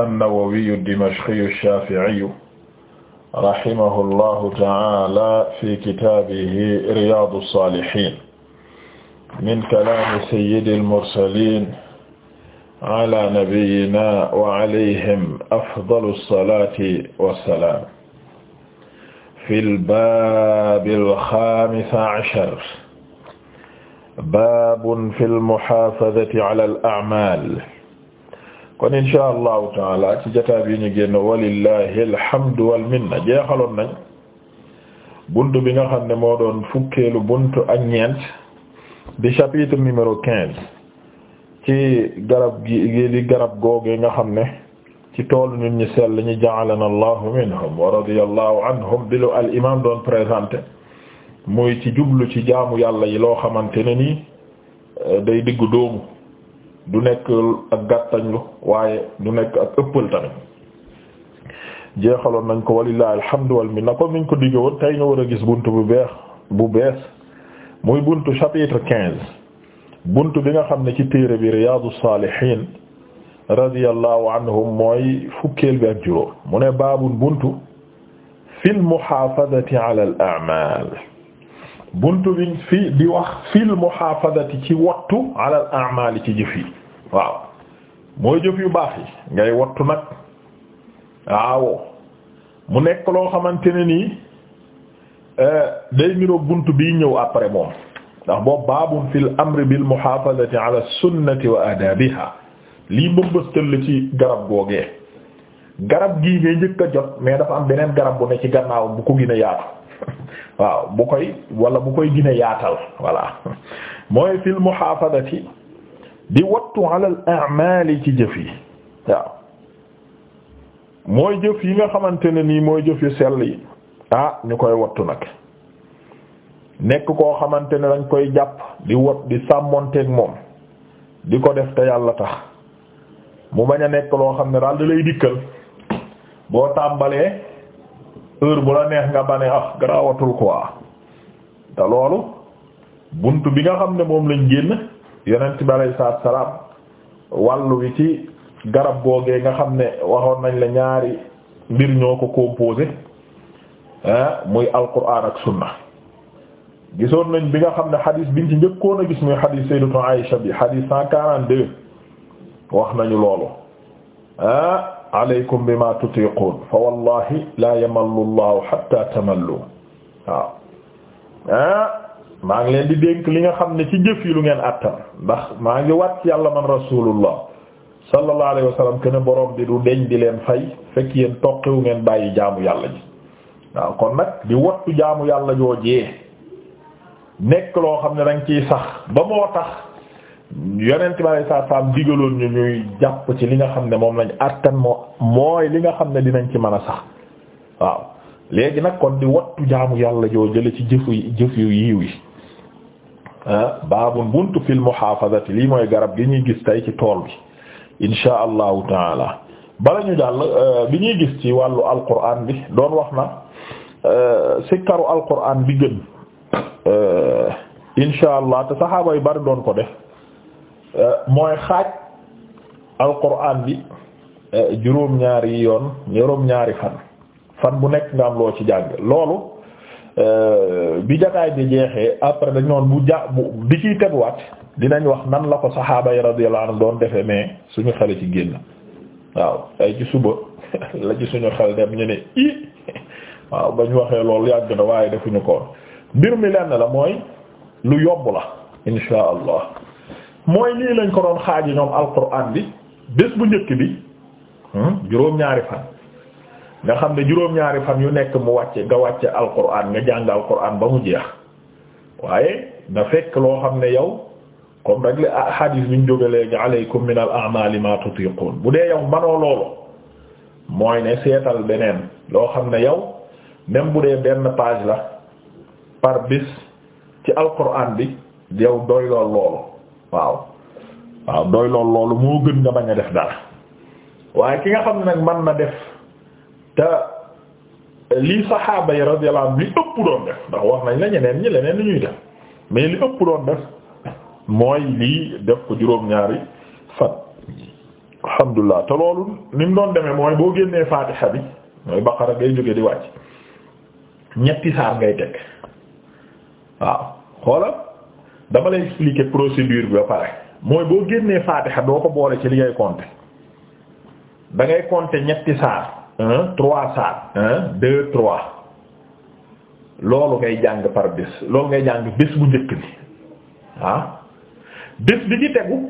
an-Nawawi ad-Dimashqi ash-Shafi'i rahimahu llahu ta'ala fi kitaabihi Riyaadu s-Saalihiin min kalaami sayyidil mursaliin ala nabiyyinaa wa alayhim afdalu s-salaati wa s-salaam fil baabil xaamis ashar baabun fil muhaafazati alal a'maal kon insha allahu taala ci jotaay yi ñu génn walillahi alhamdu wal minna jeexaloon nañ buntu bi nga xam ne moo doon fukkeelu buntu ak ñeent di chapitre numéro quinze ci garab gi di garab googe nga xam ne ci toolu nit ñi sell ñi ja'alana allahu minhum wa radiyallahu anhum bi lu al imam doon présenté muy ci jublu ci jaamu yàlla yi loo xamante ne nii euh, day diggu doomu du nekk ak lu waaye du nekk ak ëppal tamit jeexaloon nañ ko walillahi alhamdu wal minna comme niñ ko digge woon tey ñu war a gis bunt bu beex bu bees muy buntu chapitre quinze bunt bi nga xam ne ci téere bi riyaadu saalihiin radiyallahu anhum mooy fukkeel bi ak juróom mu ne baabun buntu fil mu ala al a'maal bunt bi fi di wax fil muhaafadati ci wattu alal a'maali ci jëf yi waaw mooy jëf yu baax yi ngay wattu nag waaw mu nekk loo xamante ne nii eh, day niroo bunt bii ñëw après moom ndax boobu baabun fil amri bil muhaafadati ala sunnati wa adaabiha lii mbëmbëstal la ci garab googee garab gii ngay njëkk a jot mais dafa am beneen garab bu ne ci gannaaw bu ko gën yaatu waaw bu koy wala bu koy gine yaatal voilà mooy fil muhaafadati di wattu ala al a'maali ci jëf yi waaw mooy jëf yi nga xamante ne nii mooy jëf yu sell yi ah ñu koy wattu nag nekk koo xamante ne dañ koy jàpp di wat di sàmmonteeg moom di ko def te yàlla tax mu bañ a nekk loo xam ne daal da lay dikkal boo tàmbalee heure bu la neex nga bane ah garaawatul quoi te loolu bunt bi nga xam ne moom lañ génn yonent bi alayhi salaatu salaam wàllu wi ci garab googee nga xam ne waxoon nañ la ñaari mbir ñoo ko composé muy alquran ak sunna gisoon nañ bi nga xam ne xadis biñ ci njëkkoon a gis muy xadis sayyidatu Aisha bi xadis wax nañu loolu alaykum bima tutiquun fa wallahi la yamallu llahu hatta tamallu waaw ah, maa ngi leen di dénk li nga xam ne ci jëf yi lu ngeen attan ndax maa ngi wàcc yàlla man rasulullah sallallahu alayhi wa sallam kenn borom bi du di leen fay fekk yéen toqiwu ngeen bàyyi jaamu yàlla waaw kon nag di wattu jaamu yàlla joojee nekk loo xam ne danga ciy sax ba moo tax yonent bi alayhi salaatu salaam digaloon ñu ñuy jàpp ci li nga xam ne moom lañ attan moo mooy li nga xam ne dinañ ci mën a sax waaw léegi nag kon di wattu jaamu yàlla joo jële ci jëf yu jëf yu yiw yi ah, baabun buntu fil muhaafazati lii mooy garab gi ñuy gis tey ci tool bi insha allahu taala bala ñu jàll euh, bi ñuy gis ci wàllu alquran bi doon wax na euh, sikkaru alquran bi gën euh, insha allah te saxaaba yu bari doon ko def mooy xaaj alquran bi eh, juróom-ñaari yoon juróom-ñaari fan fan bu nekk nga am loo ci jàng loolu eh, bi jataay bi jeexee après dañ noon bu ja bu bi ciy teguwaat dinañ wax nan la ko saxaaba yi radiyallahu anhum doon defee mais suñu xel ci génn waaw ay ci suba la ci suñu xel dem ñu ne i waaw bañ waxee loolu yàgg na waaye defuñu ko mbir mi lenn la mooy lu yobbu la insha allah mooy nii lañ ko doon xaaji ñoom alquran bi bés bu njëkk bi hmm, juróom-ñaari fan nga xam ne juróom-ñaari fan yu nekk mu wàcce nga wàcce alquran nga jàng alquran ba mu jeex waaye na fekk loo xam ne yow comme rek la hadis bi ñu jóge léegi alaykum min al a'mali ma bu dee yow manoo loolu mooy ne seetal beneen loo xam ne yow même bu dee benn page la par bis ci alquran bi yow doy lool loolu waaw waaw doy lool loolu moo gën nga bañ def dara waaye ki nga xam ne nag man na def te lii saxaaba yi radiyallahu anhum li ëpp doon def ndax wax nañ la ñeneen ñi leneen li ñuy def mais li ëpp doon def mooy lii def ko juróom-ñaari fan alhamdulilah te loolu ni mu doon demee mooy boo génnee faatiha bi mooy baqara ngay jóge di wàcc ñetti saar ngay teg waaw xoola dama lay expliquer procédure bi ba pare mooy boo génnee faatiha doo ko boole ci li ngay compter da ngay compter ñetti saar trois saar un deux trois loolu ngay jàng par bés loolu ngay jàng bés bu njëkk bi ah bés bi ci tegu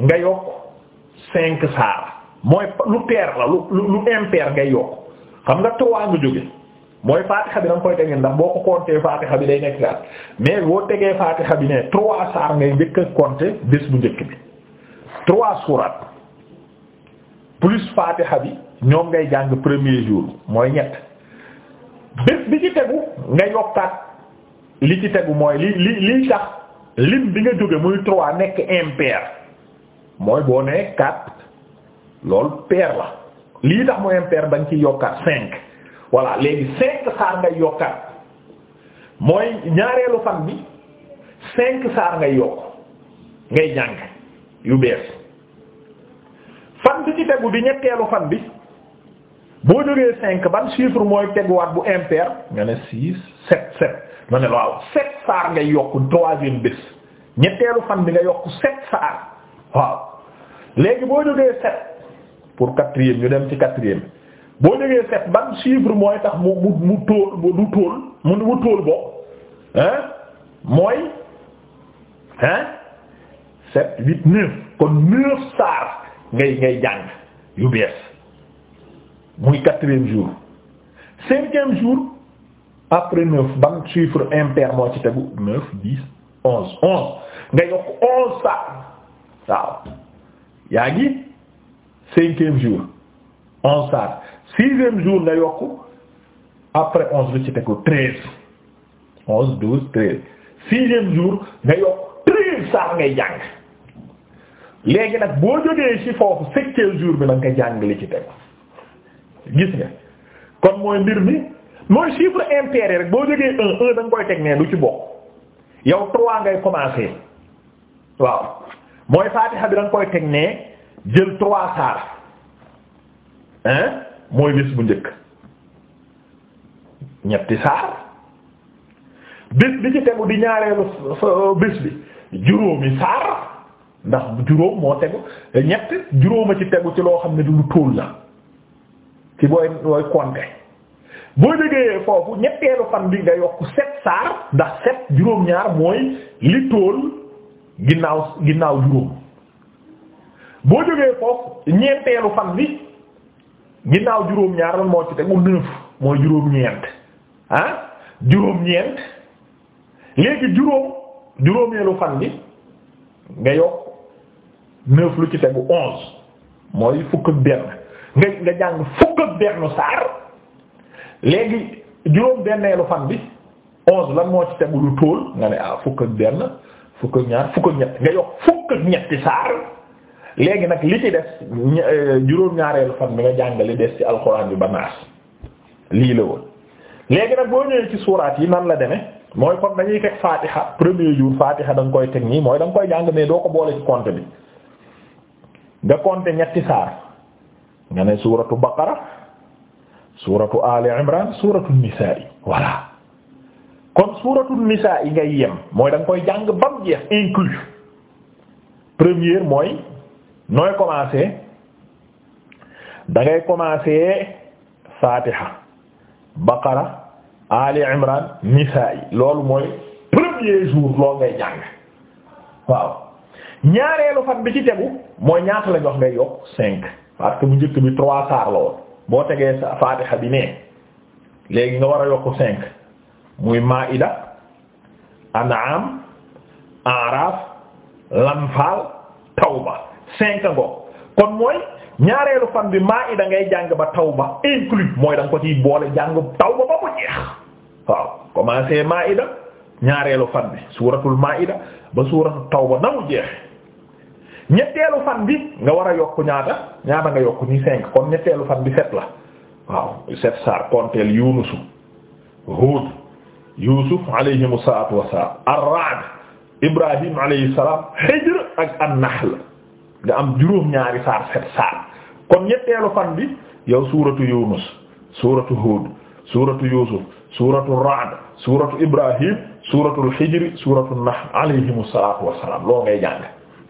nga yokk cinq saar mooy lu pair la lu lu impair ngay yokk xam nga trois nga jóge mooy fatiha bi da nga koy tegee ndax boo ko compter fatiha bi day nekk saar mais boo tegee fatiha bi ne trois saar ngay njëkk a compter bés bu njëkk bi trois sourates plus fatiha bi ñoom ngay jàng premier jour mooy ñett bés bi ci tegu nga yokkaat li ci tegu mooy li li liy tax lim bi nga jóge muy trois nekk impair mooy boo nee quatre loolu pair la lii tax mu impair da nga ciy yokkaat cinq voilà léegi cinq saar ngay yokkaat mooy ñaareelu fan bi cinq saar ngay yokk ngay jàng yu bees fan bi ci tegu bi ñetteelu fan bi boo jógee cinq ban chiffre mooy teguwaat bu impair nga ne six sept sept ma ne waaw sept saar ngay yokk troisième bés ñetteelu fan bi nga yokk sept saar waaw léegi boo jógee sept pour quatrième ñu dem ci quatrième boo jógee sept ban chiffre mooy tax mu mu mu tóol du tóol mu mu tóol bo mooy hein sept huit kon neuf saar ngay ngay jàng yu bees muy quatrième jour cinquième jour après neuf ban chiffre impair moo ci tegu neuf dix onze onze nga yokk onze saar waaw yaa ngi cinquième jour onze saar sixième jour nga yokk après onze lu ci tegu treize onze douze treize sixième jour nga yokk treize saar ngay jàng léegi nag boo jógee ci foofu septième jour bi nag nga jàng li ci tegu gis nga kon mooy mbir mi mooy chiffre impair rek boo jógee un un da nga koy teg ne du ci bokk yow trois ngay commencer waaw mooy Fatiha bi da nga koy teg ne jël trois saar hein mooy bés bu njëkk ñetti saar bés bi ci tegu di ñaareelu bés bi juróomi saar ndax juróom moo tegu ñett juróoma ci tegu ci loo xam ne du lu tóol la ci booy booy compter boo déggee foofu ñetteelu fan bi nga yokk sept saar ndax sept juróom-ñaar mooy li tóol ginnaaw ginnaaw juróom boo jógee foofu ñeenteelu fan bi ginnaaw juróom-ñaar lan moo ci tegu neuf mooy juróom-ñeent ah juróom-ñeent léegi juróom juróomeelu fan bi nga yokk neuf lu ci tegu onze mooy fukk ak benn nga nga jàng fukk ak benn saar léegi juróom-benneelu fan bi onze lan moo ci tegu lu tóol nga ne ah fukk ak benn fukk ak ñaar fukk ak ñett nga yokk fukk ak ñetti saar. léegi nag li ci des euh, juróom-ñaareelu fan bi nga jàngale des ci alxuraan bi ba naas lii la woon léegi nag boo ñëwee ci suuraat yi nan la demee mooy kon dañuy teg faatiha premier jour faatiha da nga koy teg nii mooy da koy jàng mais doo ko boole ci compte bi nga compte ñetti saar nga ne suuratu baqara suuratu ali imran suuratu nisaa yi voilà kon suuratu nisaa yi ngay yem mooy da koy jàng bam jeex inclus première mooy nooy commencer da ngay commencer fatiha baqara ali imran nisaa loolu mooy premier jour loo ngay jàng waaw ñaareelu fan bi ci tegu mooy ñaata la wax ngay yokk cinq parce que bu njëkk bi trois saar la woon boo tegee fatiha bi nee léegi nga war a yokk cinq muy maida an'am araf lanfaal tawba cinq ngo kon mooy ñaareelu fan bi maa i da ngay jàng ba tawba inclus mooy da ko ciy boole jàng tawba ba mu jeex waaw commencé maa i da ñaareelu fan bi suuratul maa i ba suuratul tawba na mu jeex ñetteelu fan bi nga war a yokk ñaata ñaata nga yokk ni cinq kon ñetteelu fan bi sept la waaw sept saar konteel yunusu Hud yusuf alayhimu salaatu wassalaam ar-Ra'd ibrahim alayhi Hijr ak an nga am juróom-ñaari saar set saar kon ñetteelu fan bi yow suuratu yunus suuratu hud suuratu yusuf suuratu ra'd suuratu ibrahim suuratu al suuratu nahl alayhimu salaatu wa salaam loo ngay jàng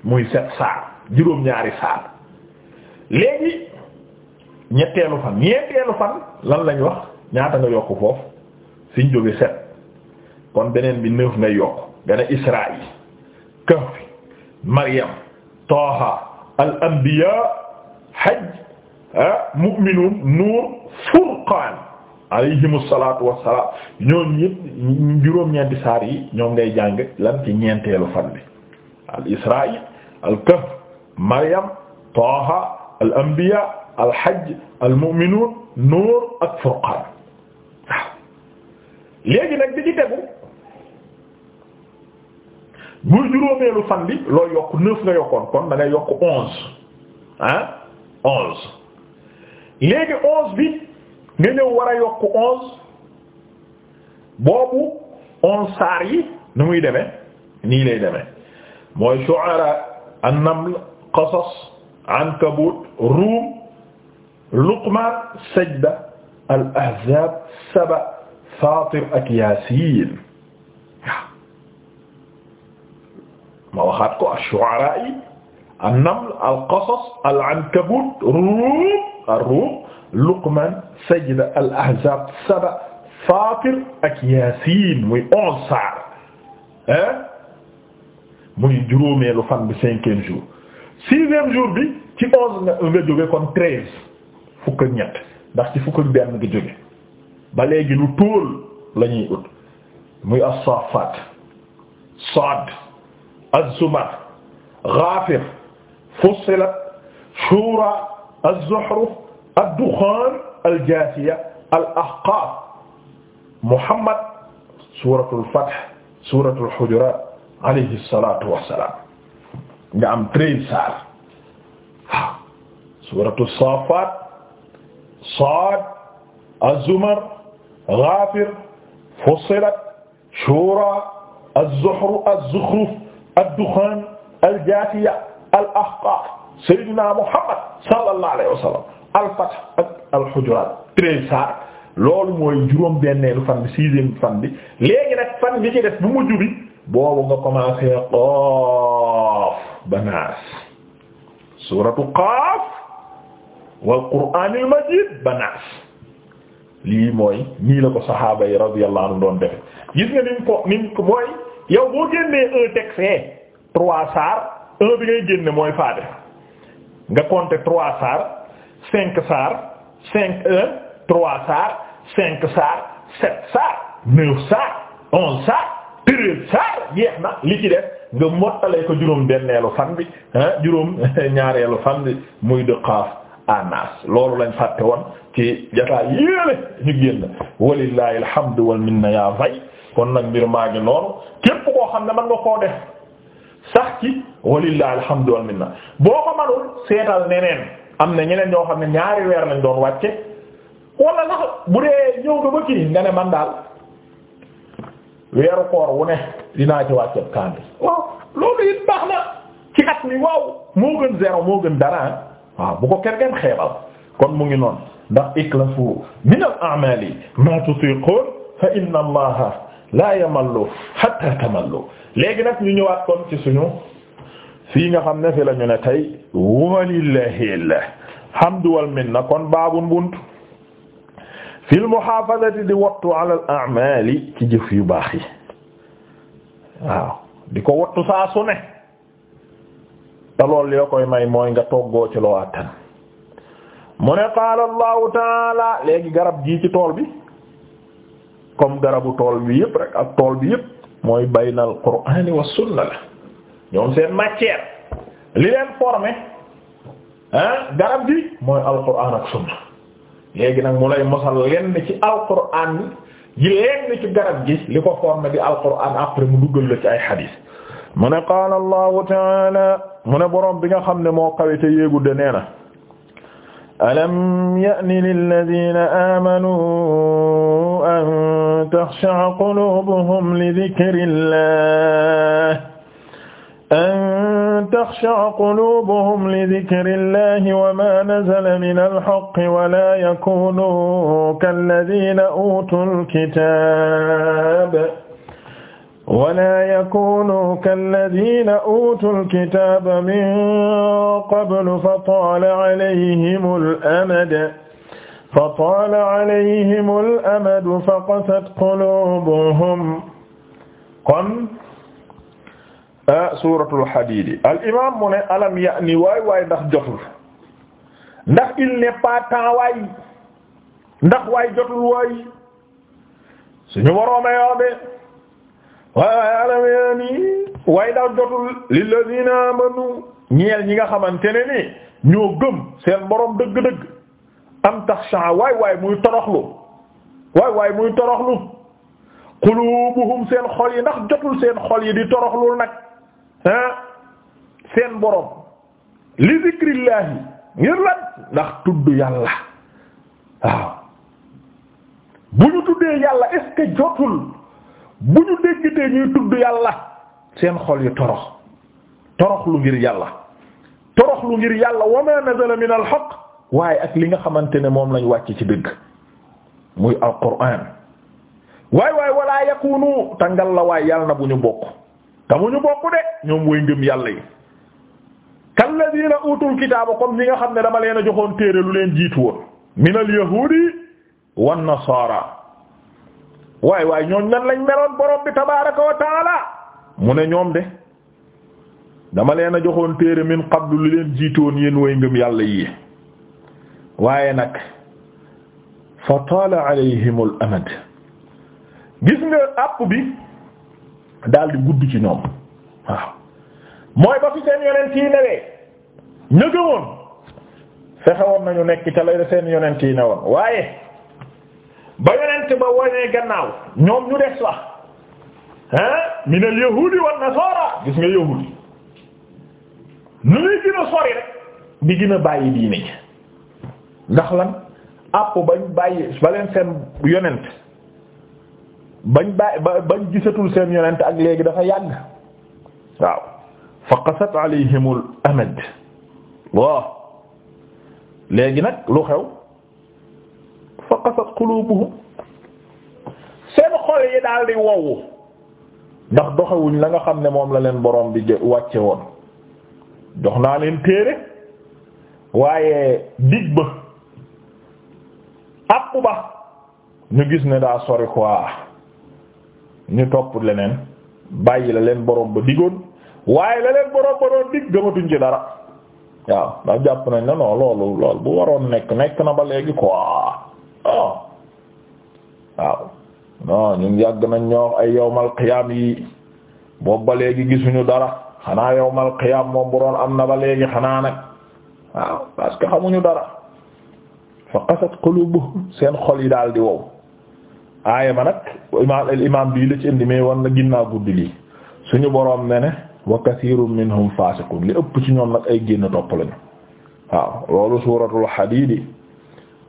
muy set saar juróom-ñaari saar léegi ñetteelu fan ñetteelu fan lan lañ wax ñaata nga yokk foofu fiñ jóge set kon beneen bi neuf ngay yokk nga ne Israaïl Kahf Maryam Taaha al anbiyaa hajj mu'minuun nuur furqaan alayhimu salaatu wa salaam ñoom ñëpp juróom-ñeenti saar yi ñoom ngay jàng lan ci ñeenteelu fan bi al Israa'iil al Kahf Maryam Taaha al anbiyaa al hajj al mu'minuun nuur ak furqaan waaw léegi nag di ci tegu muy juróomeelu fan bi looy yokk neuf nga yokkoon kon da ngay yokk onze ah onze léegi onze bi nga ñëw war yokk onze boobu onze saar yi nu muy demee nii lay demee mooy shu'ara an-naml qasas ankabut ruum luqman sajda al ahzab saba fatir ak yaasiin ma waxaat ko ash-shu'ara yi an-naml al-qasas al-ankabut ruum ar-ruum luqman sajda al-ahzab saba fatir ak yaasiin muy onze saar hein muy juróomeelu fan bi cinquième jour sixième jour bi ci onze nga nga jóge kon treize nga jóge ba lu tóol lañuy ñuy ut muy as-saafat sad az-zumar ghafir fussilat shura az-zuhruf ad-dukhan al-jasiya al-ahqaf muhammad suratul fath suratul hujurat alayhi salatu wassalam nga am treize saar waaw suratu safat sad az-zumar ghafir fussilat shura az-zuhruf az-zukhruf ad-dukhan al-jathiya al-ahqaf sayyidina Muhammad sallallahu alayhi wa sallam al-fath ak al-hujurat treize saar loolu mooy juróom benneelu fan bi sixième fan bi léegi nag fan bi ci def bu mujj bi boobu nga commencé qaaf ba naas suratu qaaf wal qur'aanil majiid ba naas lii mooy nii la ko saxaaba yi radiyallahu anhum doon defe gis nga ni mu ko ni mu ko mooy yow boo génnee un texte eh, trois saar un bi ngay génne mooy faate nga compter trois saar cinq saar cinq un trois saar cinq saar sept saar neuf saar onze saar treize saar jeex na li ci def nga mottalee ko juróom benneelu fan bi juróom ñaareelu fan bi muy de xaaf loolu lañ fàtte woon ci jataa yéele ñu génn walillahi alhamdu wal yaa fay kon nag mbir maa ngi noonu képp koo xam ne man nga koo def sax ci walillahi alhamdu wal minna boo ko manul seetal neneen am na ñeneen ñoo xam ne ñaari weer lañ doon wàcce wala ndax bu dee ñëw nga ba kii nga ne man daal weeru koor wu ne dinaa ci wàcce kaamil waaw loolu it baax na ci at mi waaw moo gën zéro moo gën dara ah waaw bu ko kenn xeebal kon mu ngi noon ndax iklafu min al laa yamallu hatta tamallu léegi nag ñu ñëwaat kon ci suñu fii nga xam ne fi la ñu ne tey walillahil hamdu wal minna kon baabun bunt fil muhaafazati di wattu ala al a'maali ci jëf yu baax yi waaw di ko wattu saa su ne te lool li koy may mooy nga toggoo ci loo attan mu ne qaala allahu taala léegi garab gii ci tool bi comme garabu tool bi yëpp rek ak tool bi yëpp mooy baynal qur'aan wa sunna la ñoom seen matière li leen formé ah garab bi mooy alqur'aan ak sunna léegi nag mu lay mosal lenn ci alqur'aan ji lenn ci garab gi li ko formé di alqur'aan après mu duggal la ci ay xadiis mu ne qaala allahu taala mu ne boroom bi nga xam ne moo kawite yéegu de nee na alam ya'ni lilladina amanu an taxsha'a qulubuhum li dikrillah an taxsha'a qulubuhum li dikrillah wa ma nazala min alhaqqi wa la yakunu kalladina utul kitaab wala yakunu kalladina utul kitaaba min qablu fataala alayhimul amadu fataala alayhimul amadu faqasat quluubuhum kon suuratul Hadiid al imaam mu ne alam ya'ni waay waay ndax jotul ndax il n'est pas temps waay ndax waay jotul waay suñu waroon a yóbbee waaye alam yaa nii waaye daal jotul lillazina amanu ñeel ñi nga xamante ne ni ñoo gëm seen borom dëgg-dëgg am taxsha waay waay muy toroxlu waay waay muy toroxlu qulubuhum seen xol yi ndax jotul seen xol yi di toroxlu nag ah seen borom li zikrillahi ngir lan ndax tudd yàlla waaw bu ñu tuddee yàlla est jotul. bu ñu déggatee ñuy tudd yàlla seen xol yi torox torox lu ngir yàlla torox lu ngir yàlla wa ma nazala min waaye ak li nga xamante ne moom lañu wàcc ci dëgg muy al quraan waay waay wala yakunu tangal la waay yàlla na bu ñu bokk te bu ñu bokk de ñoom woy ngëm yàlla yi kalladina utul kitaaba comme ñi nga xam ne dama leen a joxoon téere lu leen jiitu woon min al yahuudi waaye waaye ñooñ nan lañ meloon borom bi tabaaraka wa mu ne ñoom de dama leen a joxoon téere min qablu li leen jiitoon yéen way ngëm yàlla yi waaye nag fa taala alayhimul amad gis nga àpp bi daal di gudd ci ñoom waaw mooy ba fi seen yonent yi newee ñëgëwoon fexewoon nañu nekk ca lay seen yonent yi newoon waaye ba yonent ba wonee gannaaw ñoom ñu des la ah min al yahudi wan nasara gis nga yahudi nu ñuy gën a sori rek di gën a bàyyi diine ndax lan àpp bañ bàyyi ba seen yonent bañ bàyyi ba bañ gisatul seen yonent ak léegi dafa yàgg waaw fa qasat alayhimul amad waaw léegi nag lu xew fa qasat qulubuhum seen xol yi daal di wowu ndax doxewuñ la nga xam ne moom la leen boroom bi wàcce woon jox naa leen téere waaye dig ba àpp ba ñu gis ne daa sori quoi ñu topp leneen bàyyi la leen borom ba digoon waaye la leen borom ba doon dig gëmatuñ ci dara waaw ndax jàpp nañ ne non loolu loolu bu waroon nekk nekk na ba léegi quoi. oh waaw non ñun yàgg nañ ñoo ay yawmal qiyaam yi boobu ba léegi gisuñu dara xanaa yawmal qiyaam moom bu doon am na ba léegi xanaa nag waaw xamuñu dara fa qasat qulubuhum seen xol yi daal di wow aaya ma nag imaam la ci indi mais war na ginnaaw guddi lii suñu boroom ne ne wa kathirun minhum fasiqun li ëpp ci ñoom nag ay génn topp lañu waaw loolu suuratul hadiid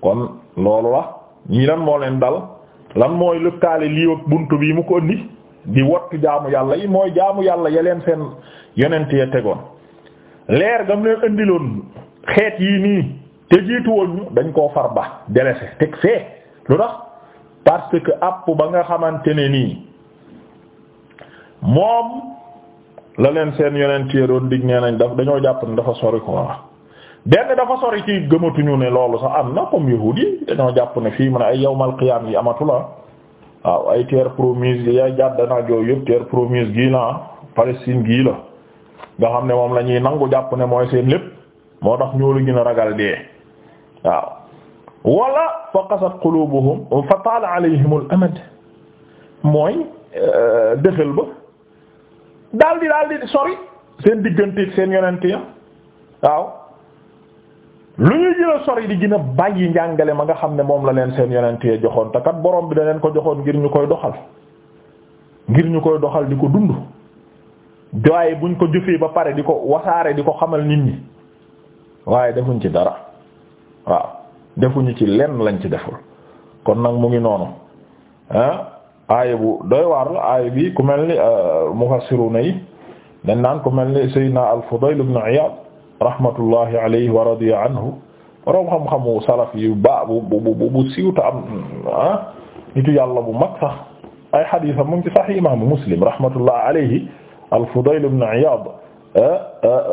kon loolu la ñii lan moo leen dal lan mooy lëkkaale lii ak buntu bii mu ko ëndi di wattu jaamu yàlla yi mooy jaamu yàlla ya leen seen yonent ya tegoon leer gam leen indiloon xeet yii nii te jiitu woon ñu dañ koo far ba délaissé teg fee lu tax parce àpp ba nga xamante ne nii moom la leen seen yonent ya doon dig nee nañ daf dañoo jàpp ne dafa sori ko benn dafa sori ci gëmatuñu ne loolu sax am na comme yahuud yi dañoo jàpp ne fii mu ne ay yawmal qiyaam yi amatula waaw ay terre promise yi yaay jàdd naa jooyu yëpp terre promise gii la Palestine gii la nga xam ne moom lañuy nangu jàpp ne mooy seen lépp moo tax ñoo la gën a ragal dee waaw wala fa qasat qulubuhum fa taala alayhim al amad mooy euh, dëxël ba daal di daal di sori seen digganteeg seen yonente ya waaw lu ñuy gën a sori di gën a bàyyi njàngale ma nga xam ne moom la leen seen yonent yee joxoon te kat borom bi da leen ko joxoon ngir ñu koy doxal ngir ñu koy doxal di ko dund doy buñ ko jëfee ba pare di ko wasaare di ko xamal nit ñi waaye defuñ ci dara waaw defuñu ci lenn lañ ci deful kon nag mu ngi noonu ah aaya bu doy waar la aaya bi ku mel ni euh, mufassiruna yi dañ naan ku mel ni sayyidina al-Fudayl ibn Iyad rahmatullahi alayhi wa radiya anhu boroom xam-xamu salaf yu baa bu bu bu siiwta am ah nitu yàlla bu mag sax ay xadiisam mu ngi ci sahih imaamu muslim rahmatullahi alayhi al-Fudayl ibn Iyaad ñu ah, ah,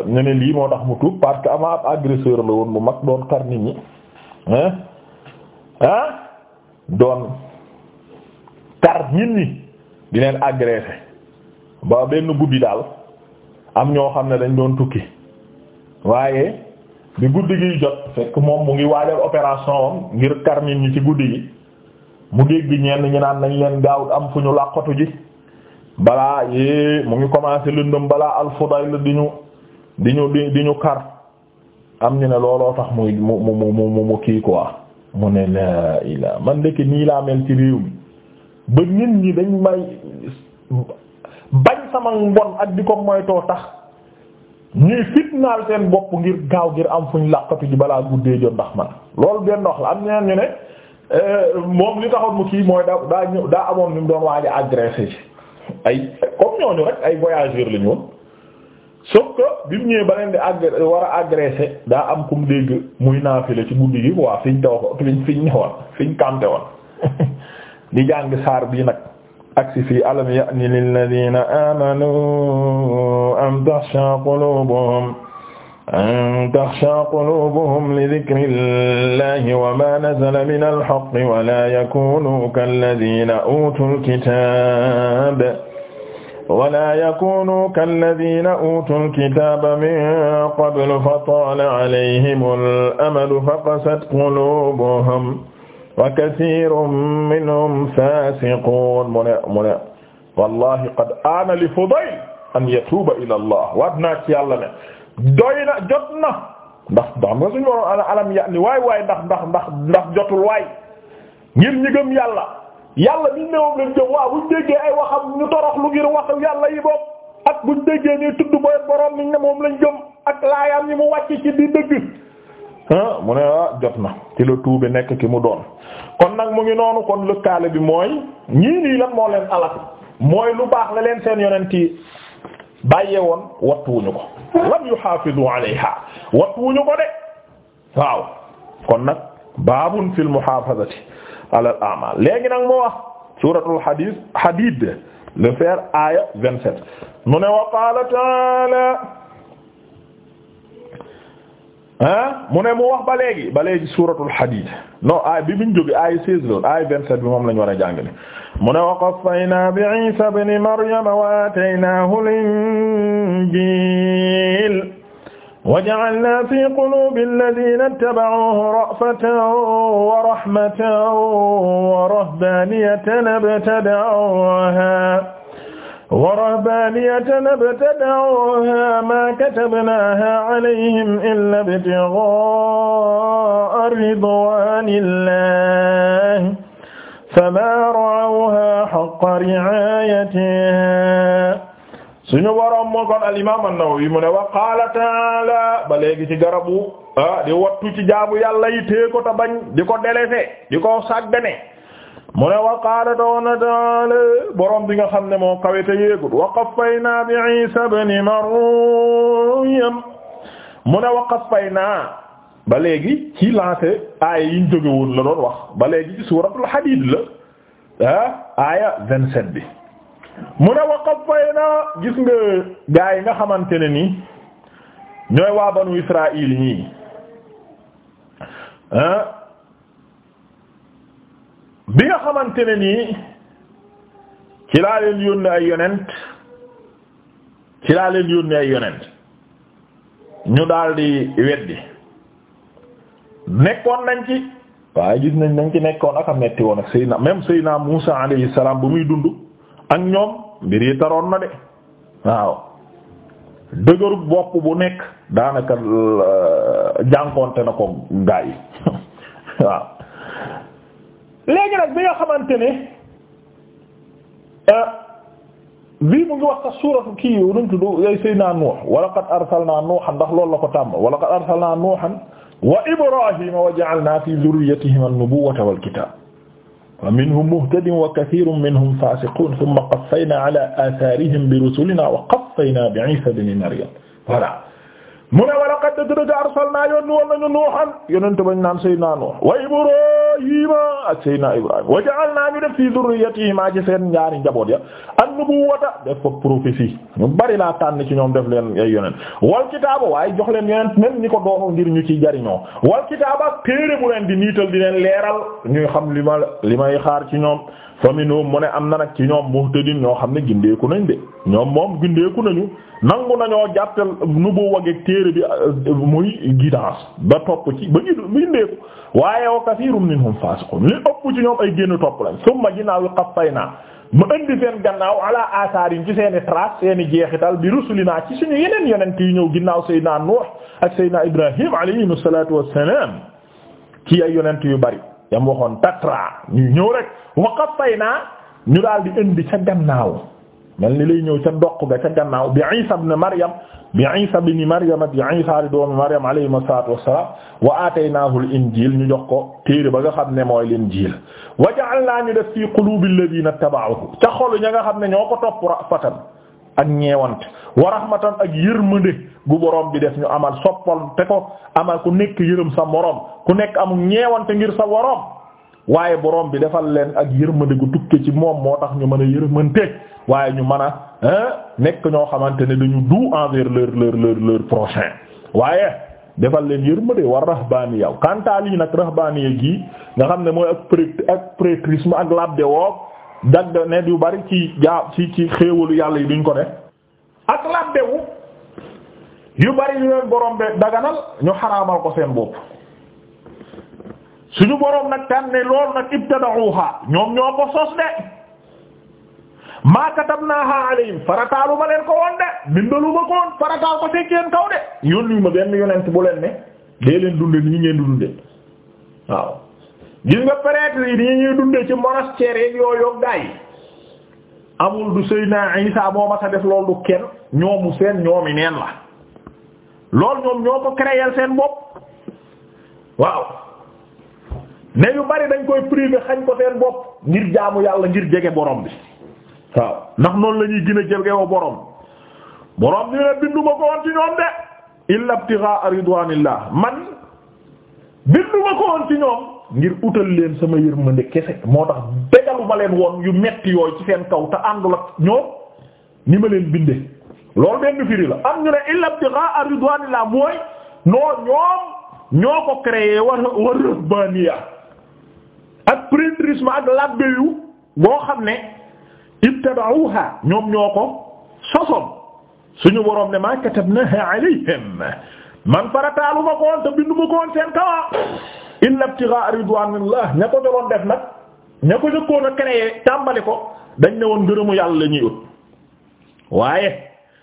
ah, ne lii moo tax mu tuub parce que ama ab agresseur la woon bu mag doon kar nit ñi ah doon kar nit ñi di leen agressé ba benn guddi daal am ñoo xam ne dañ doon tukki waaye bi guddi giy jot fekk moom mu ngi waajal opération ngir kar nit ñi ci guddi gi mu dégg ñenn ñu naan nañ leen gaaw am fu ñu làqatu ji balaa yée mu ngi commencé lëndëm balaa al-Fudayl di ñu di ñu di ñu kar am ñu ne looloo tax muy mu mu mu mu kii quoi mu ne la man ndekki nii laa mel ci réew mi ba nit ñi dañ may bañ sama mbon ak di ko moytoo tax ñuy fitnaal seen bopp ngir gaaw ngir am fuñ làqatu ji balaa guddee jot ndax man lool benn wax la am ñeneen ñu ne euh, moom li taxoon mu kii mooy da daa ñëw daa amoon ni doon waaj a agressé ci ay comme ñooñu rek ay voyageurs la ñu woon bi mu ñëwee ba leen di agg war a agressé daa am kum dégg muy naafile ci guddi gi waa fiñ taw ko fiñ fiñ ñëwoon fiñ kante woon di jàng saar bii nag. aksi fii alam ya'ni lilladhina amanu an takhsha qulubuhum an takhsha qulubuhum li dhikrillahi wa ma nazala mina al-haqqi wa la yakunu kalladhina utul kitaba ولا يكونوا كالذين أوتوا الكتاب من قبل فطال عليهم الأمد فقست قلوبهم wa kasiirun minhum faasiquun wallahi qad aana li Fudayl an yatuuba ila Allah waat naa ci yàlla ne doy na jot na ndax alam yani waay waay ndax ndax ndax ndax jotul ngir ñi gëm yàlla yàlla bi néewam leen jëm ay waxam ñu ngir wax yàlla yi bopp ak buñ déggee nii tudd booy borom ni ne moom lañ jëm ak laayaam ñi mu wàcc ci di dëgg ah mu ne ah, jot na ci la tuube nekk ki mu doon kon nag mu ngi noonu kon lëkkaale bi mooy ñii nii lan moo leen alal mooy lu baax la leen seen yonent yi bàyyee woon wattuwuñu ko lam yuhaafizu alayha wattuwuñu ko de waaw kon nag baabun fil muhaafazati ala al a'maal léegi nag moo wax suuratul hadiid hadiid le faire aaya 27 mu ne wa qaala ta'aala ah mu ne mu wax ba léegi ba léegi suuratul Hadiid non aay bi biñ jóge aay seize loon aay vingt-sept bi moom lañu war a jàng ni mu ne wa qaffayna bi Iisa ibn Maryam wa aataynaahu al-Injiil wa ja'alna fi quluubi allaziina ittaba'uuhu ra'fatan wa rahmatan wa rahbaaniyatan ibtada'uuhaa wa rahbaaniyatan ibtada'uuhaa maa katabnaahaa alayhim illaa ibtighaa'a ridwaanillaahi famaa ra'awhaa haqqa ri'aayatihaa suñu waroon moo kon al-imaam an-Nawawi mu ne wa qaala ta'aalaa ba léegi ci garabu ah di wattu ci jaamu yàlla yi tee ko ta bañ di ko délaissé di ko sàggane mu ne wa qaala doona taala borom bi nga xam ne moo kawe te yéegut wa qafaynaa bi Iisa ibn Maryam mu ne wa qafaynaa ba léegi ci lancé aaya yi ñu woon la doon wax ba léegi ci suuratul Hadiid la ah, aaya vingt bi mu ne wa qafaynaa gis nga gaa yi nga xamante ne nii ñooy waa banu Israa'iil ñii ah bi nga xamante ne nii ci laa leen yónnee ay yonent ci leen yónnee ay yonent ñu daldi weddi nekkoon nañ ci waaye gis nañ nañ ci nekkoon ak a metti woon ak Seydina même Seydina Muusa alayhi salaam bu muy dund ak ñoom mbir yi taroon na de waaw dëgëru bopp bu nekk daanaka euh, jànkoonte na ko gaa yi waaw léegi nag bi nga xamante ne euh, bii mu ngi wax sax suuratu kii wu ñu tudd ay Seydina Nuux wa laqad arsalnaa Nuuhan ndax loolu la ko tàmm wa laqad arsalnaa Nuuhan wa Ibraahiima wa ja'alnaa fii zurriyyatihimaa an-nubuwwata wal kitaab wa minhum muhtadin wa kathiirun minhum faasiquun thumma qaffayna alaa aathaarihim bi rusulinaa wa qaffayna bi Iisaa ibn Maryam voilà mu ne wala qad dëgg-dëgg arsalnaa yónni woon nañu nuuxan yonent bañ naan Seydina Nuux wa Ibraahiima ak Seydina Ibrahima wa ja'alnaa ñu def fii durriyatihimaa ci seen ñaari njaboot ya an-nubuwwata def fa prophétie ñu bari laa tànn ci ñoom def leen ay yonent wal kitaaba waaye jox leen yonent même ñi ko doonu ngir ñu ci jariñoo wal kitaaba téere bu leen di niital di leen leeral ñuy xam li ma li may xaar ci ñoom. famino mu ne am na nag ci ñoom muhtadin ñoo xam ne gindeeku nañ de ñoom moom gindeeku nañu nangu nañoo jàppal nu bu wageeg téere bi euh, muy guidance ba topp ci ba gindeeku waaye wa kasiirum minhum faasiqun li ëpp ci ñoom ay génn topp lañ summa ginnaaw qaffayna mu indi seen gannaaw ala asaarin ci seeni trace seeni jeexital bi rusulina ci suñu yeneen yonent yi ñëw ginnaaw Seydina Nuux ak Seydina Ibrahim alayhimu salaatu wassalaam ci ay yonent yu bari yam waxoon tatra ñu ñëw rek wa qattayna ñu daal di indi ca gannaaw mel ni lay ñëw ca doq ga ca gannaaw bi isa ibn maryam bi isa ibn maryam bi isa di doomu maryam alayhi salaatu wassalaam wa aataynahu al injil ñu jox ko téere ba nga xam ne mooy linjiil wa ja'alnaa ñu def fii quluubi alladhiina ittaba'uuhu ca xolu ña nga xam ne ñoo ko topp rafatan ak ñeewant wa rahmatan ak yërmande gu borom bi def ñu amal soppal te ko amal ku nekk yërëm sa moroom ku nekk amul ñeewante ngir sa woroom waaye borom bi defal leen ak yërmande gu tukke ci moom moo tax ñu mën a yërmante waaye ñu mën a nekk ñoo xamante ne dañu du envers leur leur leur leur prochain waaye defal leen yërmande war rahbaani yow kantaal yi nag rahbaani yi gi nga xam ne mooy ak prêtre ak prêtrisme ak labde woog dagg net yu bari ci jaa ci ci xéewalu yàlla yi duñ ko def ak làbbewu yu bari yu leen borom be daganal ñu xaramal ko seen bopp suñu borom nag tànn ne loolu nag ibtada'uha ñoom ñoo ko sos de ma katabnaha alayhim farataalu ma leen ko woon de bindalu ma farataal ko fekkeen kaw de yónni ma benn yonent bu leen ne dee leen dunde ni ngeen di waaw gis nga prêtre yi ni ñuy dundee ci monastère yeeg yooyu yog gaa yi amul du Seydina Isa moo ma sa def loolu kenn ñoomu seen ñoomi neen la loolu ñoom ñoo ko créer seen bopp waaw ne yu bari dañ koy privé xañ ko seen bopp ngir jaamu yàlla ngir jege borom bi waaw ndax noonu lañuy ñuy gën a jege woo borom borom bi ne binduma ko woon ci ñoom de illa ibtigha ridwanillah man binduma ko woon ci ñoom ngir utal leen sama yërmande kese moo tax bégalu ma leen woon yu metti yooyu ci seen kaw te àndul ak ñoom ni ma leen binde loolu benn firi la am ñu ne illa ibtigha ridwanillah mooy noo ñoom ñoo ko créé war war rahbaniya ak prêtrisme ak labbe boo xam ne ibtada'uha ñoom ñoo ko sosoon suñu boroom ne ma katabnaha alayhim man farataalu ma koon te bindu ma koon seen kawa illa ibtigha ridwanillah ña ko joloon def nag ña ko jëkkoon a tàmbali ko dañ ne woon ngërëmu yàlla la ñuy ut waaye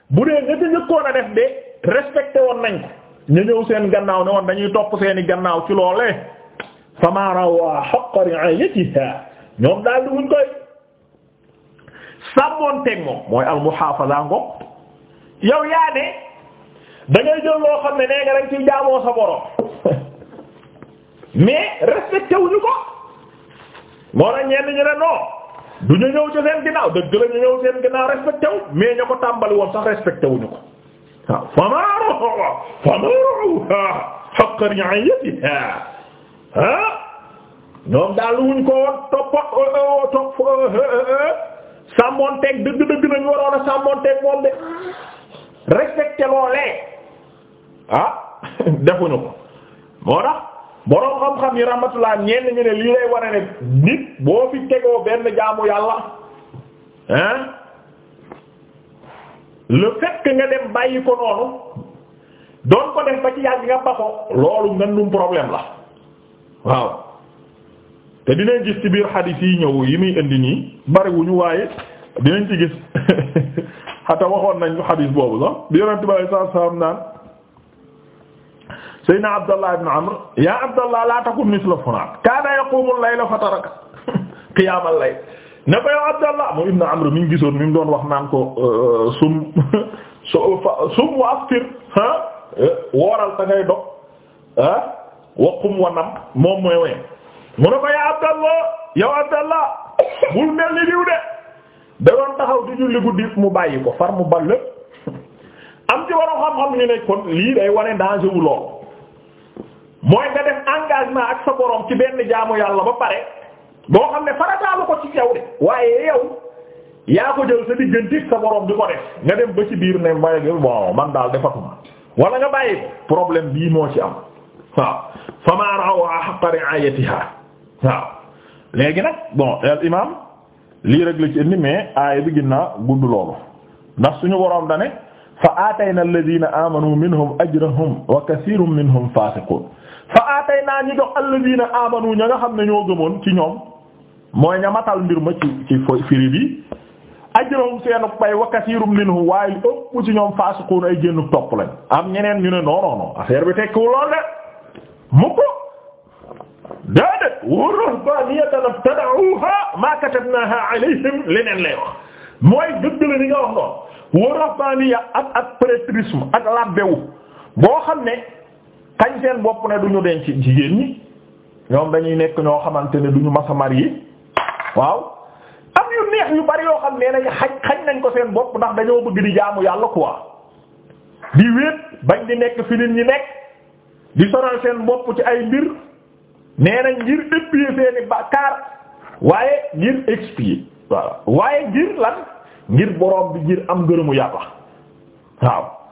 bu dee ña ko jëkkoon a def de respecté woon nañ ko ñu ñëw seen gannaaw ne woon dañuy topp seeni gannaaw ci loolee fama rawa haqqa ri'ayatiha ñoom daal di wuñ koy sàmmoonteeg moom mooy almuhafaza ngo yow yaa ne da ngay loo xam ne nee nga rek ci jaamoo sa borom mais respecté wuñu ko moo tax ñenn ñu ne non du ñu ñëw ci seen ginnaaw dëgg la ñu ñëw seen ginnaaw respecté wu ko tàmbali woon sax respecté wuñu ko waaw famaaruha famaaruha haqqa ri'ayatiha ah ñoom daal wuñ ko toppatoo topp sàmmonteeg dëgg-dëgg nañu waroon a sàmmonteeg moom de respecté loolee ah defuñu ko moo tax. boroom xam-xam yi rahmatullah ñenn ñu ne lii lay wara ne nit boo fi tegoo benn jaamu yàlla hein le fait nga dem bàyyi ko noonu doon ko def ba ci yàgg nga ba ko loolu ngandum problème la waaw te dinañ gis ci biir xadiis yi ñëw yi muy indi nii bariwuñu waaye dinañ ci gis xata waxoon nañ xadiis boobu sax bi yonent bi sallallahu naan Seydina Abdallah ibn Amr yaa Abdallah laa takun misla fulaan kaana yaqumu layla fataraka qiyaamal layl ne ko yow Abdallah mu ibn Amr mi ngi gisoon mi mu doon wax naan ko euh, sum sum wa aftir euh, wooral ta ngay dog ah waqum wa moom mooy wéy mu ne ko yaa Abdallah yow Abdallah bul mel ni diw de da doon taxaw di julli guddi mu bàyyi ko far mu bal lépp am ci war xam-xam ñu ne kon lii day wane danger wu lool. mooy nga def engagement ak sa borom ci benn jaamu yàlla ba pare boo xam ne farataalu ko ci yow de waaye yow yaa ko jël sa diggante sa borom di ko def nga dem ba ci biir ne mooy bon man daal defatuma wala nga bàyyi problème bii moo ci am waaw famaa ra'awhaa haqqa ri'aayatihaa waaw léegi nag bon al imam lii rek la ci indi mais aay bi ginnaa gudd loolu ndax suñu boroom dane fa aatayna alladhiina aamanuu minhum ajrahum wa kathiirun minhum faasiquun fa aatay naa ñu jox alladina amanu ña nga xam ne ñoo gëmoon ci ñoom mooy ña matal mbir ma ci ci firi bi ajrahum seenu pay wa kasiirum waaye lu ëpp ci ñoom faasiqun ay génn topp lañ am ñeneen ñu ne non non bi tekkiwul lool de mu ko déedéet wa ruhbaaniyatan ibtada'uuhaa maa katabnaahaa alayhim leneen lay wax mooy dëgg la ni nga wax noonu wa ruhbaaniya ak ak prêtrisme ak labbewu boo xam ne xañ seen bopp ne duñu denc jigéen ñi ñoom dañuy nekk ñoo xamante ne duñu masa marié waaw am yu neex yu bari yoo xam ne nañ xañ xañ nañ ko seen bopp ndax dañoo bëgg di jaamu yàlla quoi di wéet bañ di nekk fi nit ñi nekk di sonal seen bopp ci ay mbir nee nañ ngir expier seeni bàkkaar waaye ngir expier waaw waaye ngir lan ngir borom bi ngir am gërëmu yàlla waaw